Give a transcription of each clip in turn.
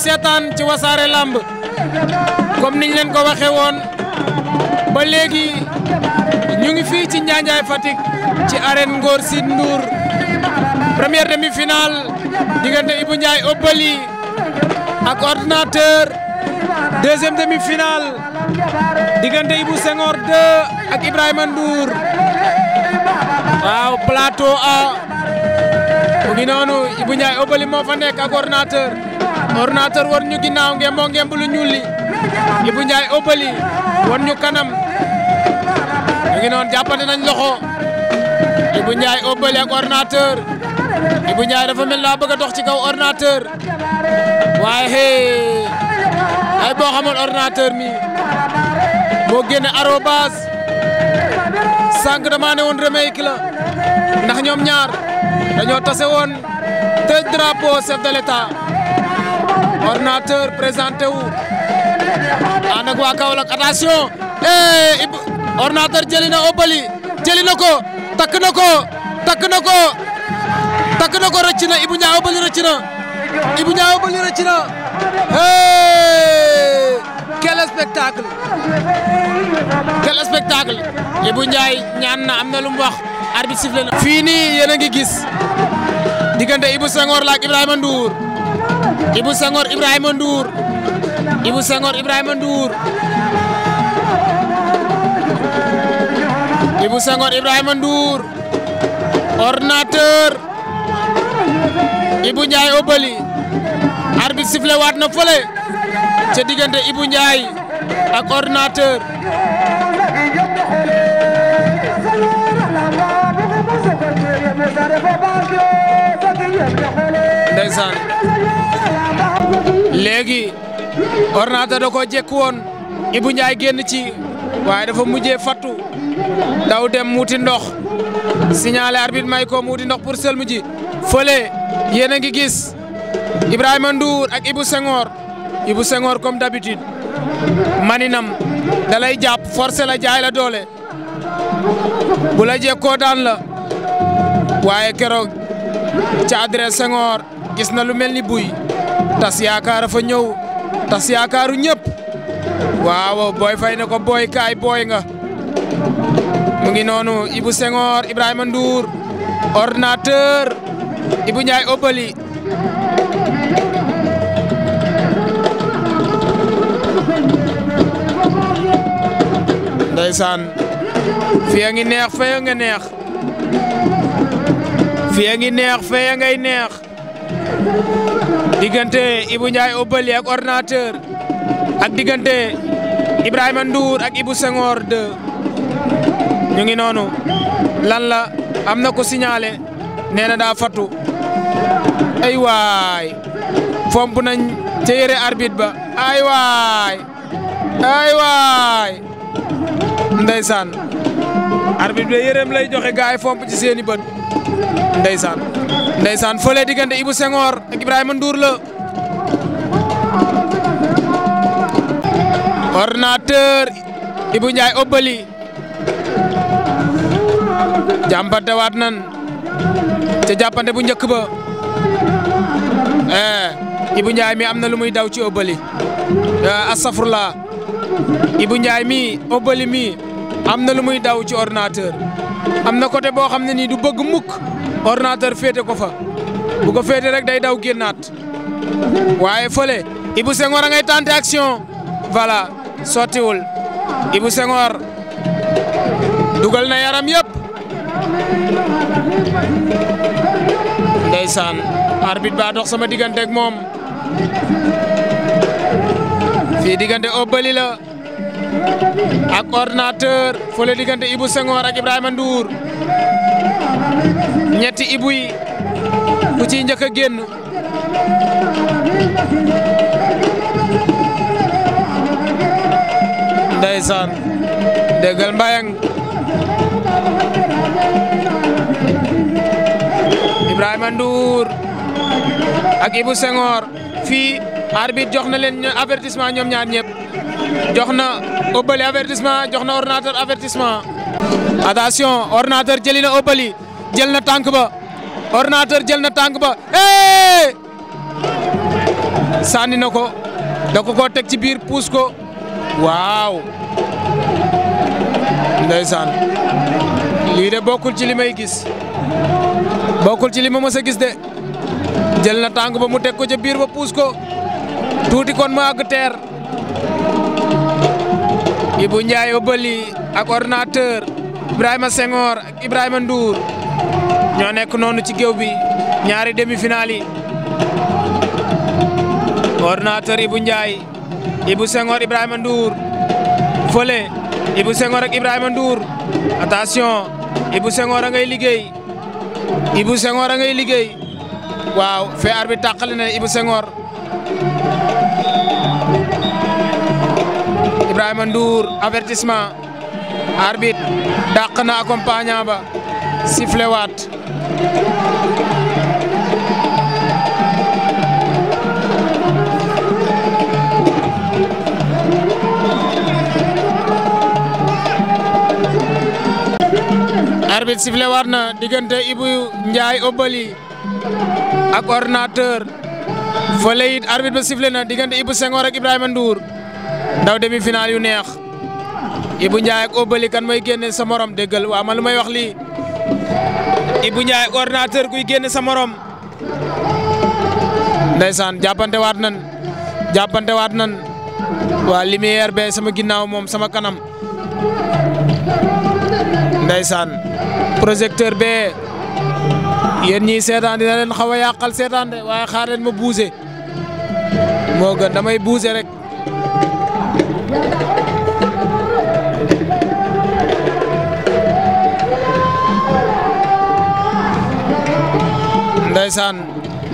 seetaan ci wasaare lamb comme niñ leen ko waxee ba léegi ñu ngi fii ci Njaanjaay fatik ci arène Ngor Sid Ndour première demi-finale diggante Ibou Ndiaye Obali ak ordinateur deuxième demi-finale diggante Ibou waaw plateau A mu ngi noonu Ibou Ndiaye moo fa nekk ak ordinateur ordinateur war ñu ginnaaw ngeen moo ngeen bu lu ñuul li Ibou Ndiaye war ñu kanam ñu ngi noonu jàppante nañ loxo Ibou Ndiaye Obali ak ordinateur Ibou Ndiaye dafa laa bëgg a dox ci kaw ordinateur waaye hey ay boo xamoon ordinateur mi moo génne arobase sànq damaa ne woon remake ndax ñoom ñaar dañoo tase woon te drapeau chef de ordinateur présenté wu ànd ak waa Kaolack attention eh ordinateur jëli na Obali jëli ko takk na ko takk ko takk ko rëcc na Ibou Obali rëcc na Ibou Niang Obali rëcc na eh ñaan na am na lu mu wax arbitre ngi gis diggante Ibou Senghor la ak Ibrahima Ibou Senghor Ibrahima Ndour Ibou Senghor Ibrahima Ndour Ibou Senghor Ibrahima Ndour ordinateur Ibou Ndiaye Obali waat na fële ca diggante Ibou Ndiaye ak ordinateur léegi ordinateur da koo jékku woon Ibou Ndiaye génn ci waaye dafa mujjee fattu daw dem wuti ndox signalé arbitre may ko mu wuti ndox pour sëlmu ji fële yéen ngi gis Ibrahima Ndour ak Ibou Senghor Ibou Senghor comme d'habitude maninam da lay jàpp forcé la jaay la doole bu la jekkoo daan la waaye keroog ca adresse Senghor gis na lu mel ni buy tas yaakaar fa ñëw tas yaakaaru ñëpp waaw booy fay ne ko booy kaay booy nga mu ngi noonu Ibou Senghor Ibrahima Ndour ordinateur Ibou Ndiaye Obali ndeysaan fii a ngi neex fee nga neex fii a ngi neex fee a ngay neex diggante Ibou Ndiaye Obali ak ordinateur ak diggante Ibrahima Ndour ak ibu Senghor 2 ñu ngi noonu lan la am na ko signalé nee na daa fatu ay waay fomp nañ ca yére arbitre ba ay waay ay waay ndeysaan arbitre bi yéreem lay joxe gaay fomp ci seeni bët ndeysaan ndeysaan fële diggante Ibou Senghor ak Ibrahima Ndour la ordinateur Ibou Ndiaye Obali jàmpante waat nan ca jàppante bu njëkk ba eh Ibou Ndiaye mi am na lu muy daw ci Obali eh, astafurla Ibou njaay mi Obali mi am na lu muy daw ci ordinateur am na côté boo xam ne nii du bëgg mukk ordinateur féete ko fa bu ko féete rek day daw génnaat waaye fole Ibou Senghor a ngay voilà sottiwul Ibou Senghor dugal na yaram yëpp ndeysaan arbitre ba dox sama diggante ak moom fii diggante Obali ak ordinateur fële diggante Ibou Senghor ak Ibrahima Ndour ñetti Ibou yi ku ciy njëkk a génn ndeysaan déggal mbayang Ibrahima Ndour ak Ibou Senghor fii arbitre jox na leen avertissement ñoom ñaar ñëpp jox na Obali avertissement jox na ordinateur avertissement attention ordinateur jëli na Obali jël na tànk ba ordinateur jël na tànk ba eh sànni na ko da ko teg ci biir puus ko waaw ndeysaan lii de bokkul ci li may gis bokkul ci lima ma gis de jël na tànk ba mu teg ko ca biir ba puus ko tuuti kon mu àgg teer Ibou Ndiaye Obali ak ordinateur Ibrahima Senghor ak Ibrahima Ndour ñoo nekk noonu ci géew bi ñaari demi-finale yi ordinateur Ibou Ndiaye Ibou Senghor Ibrahima Ndour fële Ibou ak Ibrahima Ndour attention Ibou Senghor a ngay liggéey Ibou Senghor a ngay liggéey waaw fee arbitre tàqale na Ibou Senghor Ibrahima Ndour avertissement arbitre dàq na ba sifflé waat arbitre na diggante Ibou Ndiaye Obali ak ordinateur fële it ba sifflé na diggante Ibou Senghor ak Ibrahima Ndour ndaw demi final yu neex Ibou Ndiaye ak Obali kan mooy génne sa moroom déggal waa man lu may wax lii Ibou Ndiaye ak kuy génne sa morom ndeysaan jàppante waat nan jàppante waat nan waa lumière be sama ginnaaw moom sama kanam ndeysaan projecteur be yéen ñii seetaan dina leen xaw a yàqal seetaan de waaye xaar leen ma buuse moo gën damay buuse rek ndeysaan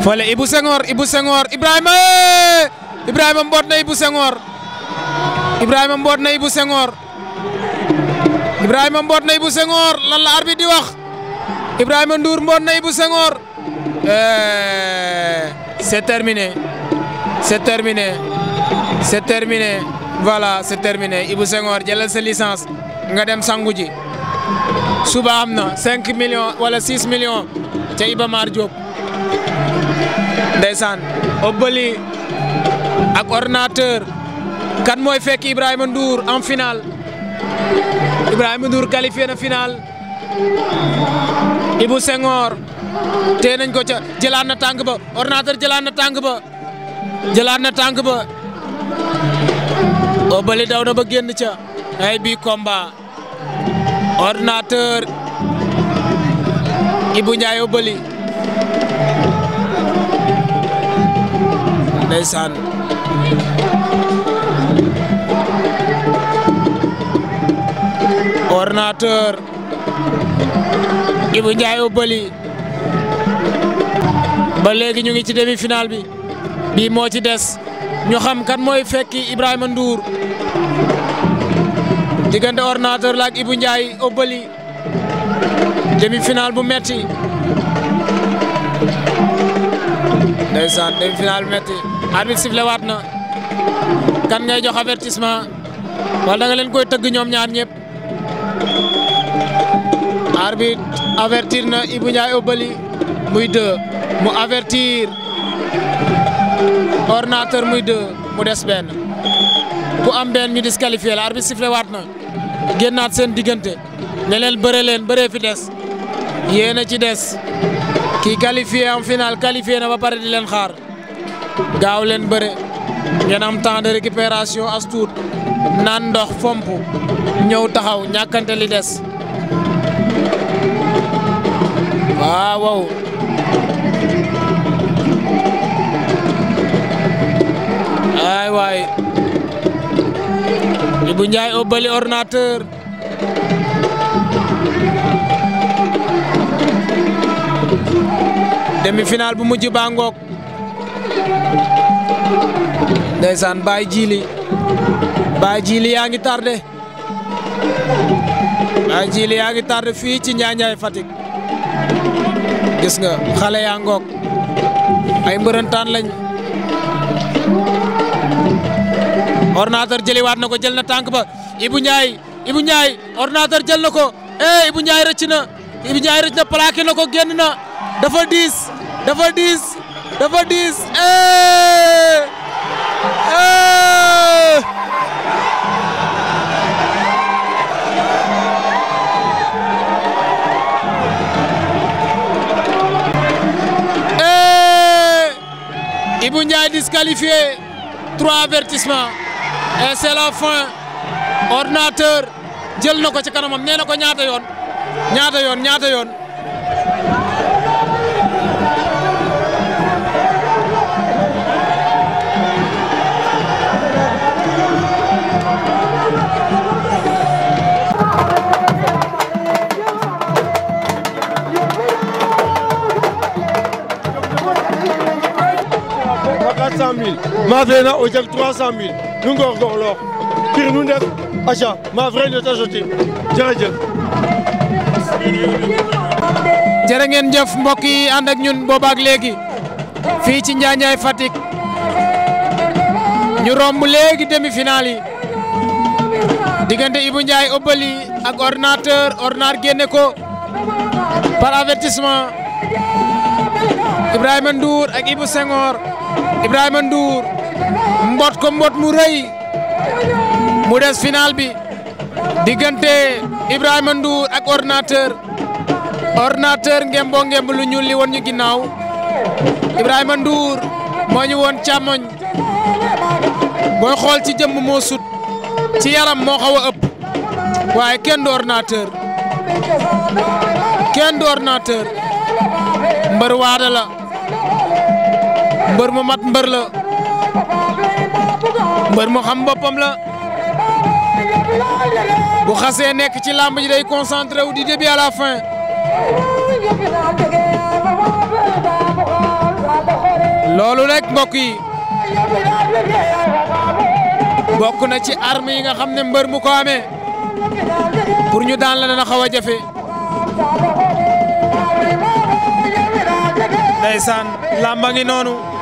fole Ibou Senghor Ibou Senghor Ibrahima eh! Ibrahima mboot na Ibou Senghor Ibrahima mboot na Ibou Senghor Ibrahima mboot na Ibou Senghor lan la di wax Ibrahima Ndour mboot na Ibou Senghor eh, c'est terminé c'est terminé c'est voilà c'est terminé Ibou Senghor jëlal sa licence nga dem sangu ji suba am na 5 millions wala 6 millions ca Iba Mar Diop ndeysaan Obali ak ordinateur kan mooy fekk Ibrahima Ndour en finale Ibrahima Ndour qualifié na finale Ibou Senghor nañ ko ca jëlaat na tànk ba ordinateur jëlaat na tànk ba jëlaat na ba Obeuli daw ba génn ca ay bi komba ordinateur Ibou Ndiaye Obeuli ndeysaan ordinateur Ibou Ndiaye Obeuli ba léegi ñu ngi ci demi-finale bi bii moo ci des ñu xam kan mooy fekki Ibrahima Ndour diggante ordinateur la ak Ibou Ndiaye Obali demi-finale bu metti ndeysaan demi bu metti arbitre sifflé waat na kan ngay jox avertissement wala da leen koy tëgg ñoom ñaar ñëpp arbitre avertir na Ibou Ndiaye Obali muy deux mu avertir ordinateur muy deux mu des benn ku am benn ñu disqualifié la arbitre sifflé waat na génnaat seen diggante ne leen leen bëree fi des yéen ci des kii qualifié en final ba pare di leen xaar gaaw leen bëre ngeen am temps de récupération as tuut naan ndox fomp ñëw taxaw ñàkkante li des waaw waay Ibou Ndiaye Obali ordinateur demi-finale bu mujj ba ngoog ndeysaan Baye Djili Baye Djili yaa ngi tardé Baye Djili yaa ngi tardé fii ci Njaañaay fatik gis nga xale yaa ngoog ay mbërëntaan lañ ordinateur jëliwaat na ko jël na tànk ba Ibou Ndiaye Ibou Ndiaye ordinateur jël na ko eh Ibou Ndiaye rëcc na Ibou na ko génn na dafa diis dafa diis dafa diis eh eh, eh! Ibou Ndiaye et c'est la fin ordinateur jël na ko ci kanamam nee na ko ñaata yoon ñaata yoon ñaata yoon maa fee na au jag 300 000 nu ngorgoorloox ngir nu ndef aca ma vraiment ta soti jërëjëf jërë ngeen jëf mbokk yi ànd ak ñun boobaak léegi fii ci njaajaay Fatick ñu romb léegi demi-finale yi diggante Ibou Ndiaye Obali ak ordinateur ordinateur génne ko par avertissement Ibrahima Ndour ak Ibou Senghor Ibrahima Ndour mbot ko mbot mu rëy mu des final bi diggante Ibrahima Ndour ak ordinateur ordinateur ngem boo lu ñuul li woon ñu ginnaaw Ibrahima Ndour moo ñu woon càmmoñ booy xool ci jëmm moo sut ci yaram moo xaw ëpp waaye kenn du ordinateur kenn du ordinateur mbër waada mbër mu mat mbër la mbër mu xam boppam la bu xasee nekk ci làmb ji day concentré wu di début à la fin loolu rek mbokk yi bokk na ci armi yi nga xam ne mbër mu ko ame pour ñu daan la dana xaw a jafe ndeysaan làmba ngi noonu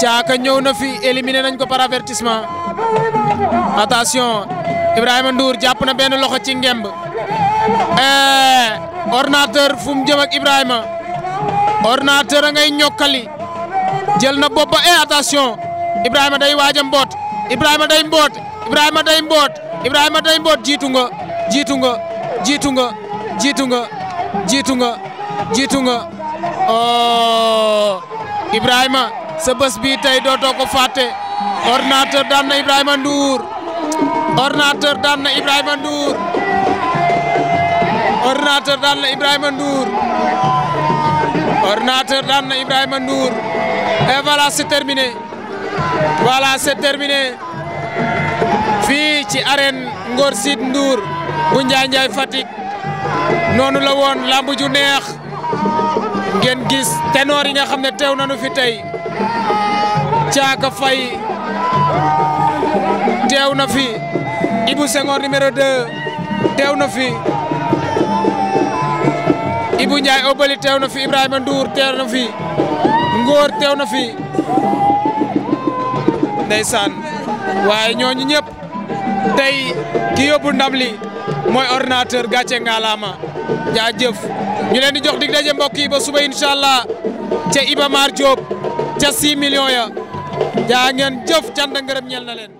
Caaka ñëw na fi éliminé nañ ko par avertissement attention Ibrahima jàpp na benn loxo ci ngemb eh, ordinateur fu mu jëm ak Ibrahima a ngay ñokkali jël na bopp ba eh attention Ibrahima day waaj mboot Ibrahima day mboot Ibrahima day mboot Ibrahima day mboot jiitu nga jiitu nga jiitu nga jiitu nga jiitu nga jiitu nga oh Ibrahima. sa bës bii tey dootoo ko fàtte ordinateur daan na Ibrahima Ndour ordinateur daan na Ibrahima Ndour ordinateur daan na Ibrahima Ndour ordinateur daan na Ibrahima voilà c'est fii ci arène Ngor Siid Ndour bu Njaay Njaay Fatick noonu la woon lamb ju neex ngeen gis ténor yi nga xam ne teew nañu fi tey Thiaka Faye teew na fi Ibou Senghor numéro 2 teew na fi Ibou Ndiaye Obali teew na fi Ibrahima Ndour teew na fi Ngor teew na fi ndeysaan waaye ñooñu ñëpp tey ki yóbbu ndam li mooy ordinateur gàcce ngalaama jaajëf ñu leen di jox dig daje mbokk yi ba suba incha allah ca Iba Mar Diop. ca 6 millions ya jaa ngeen jëf cant ngërëm ñel na leen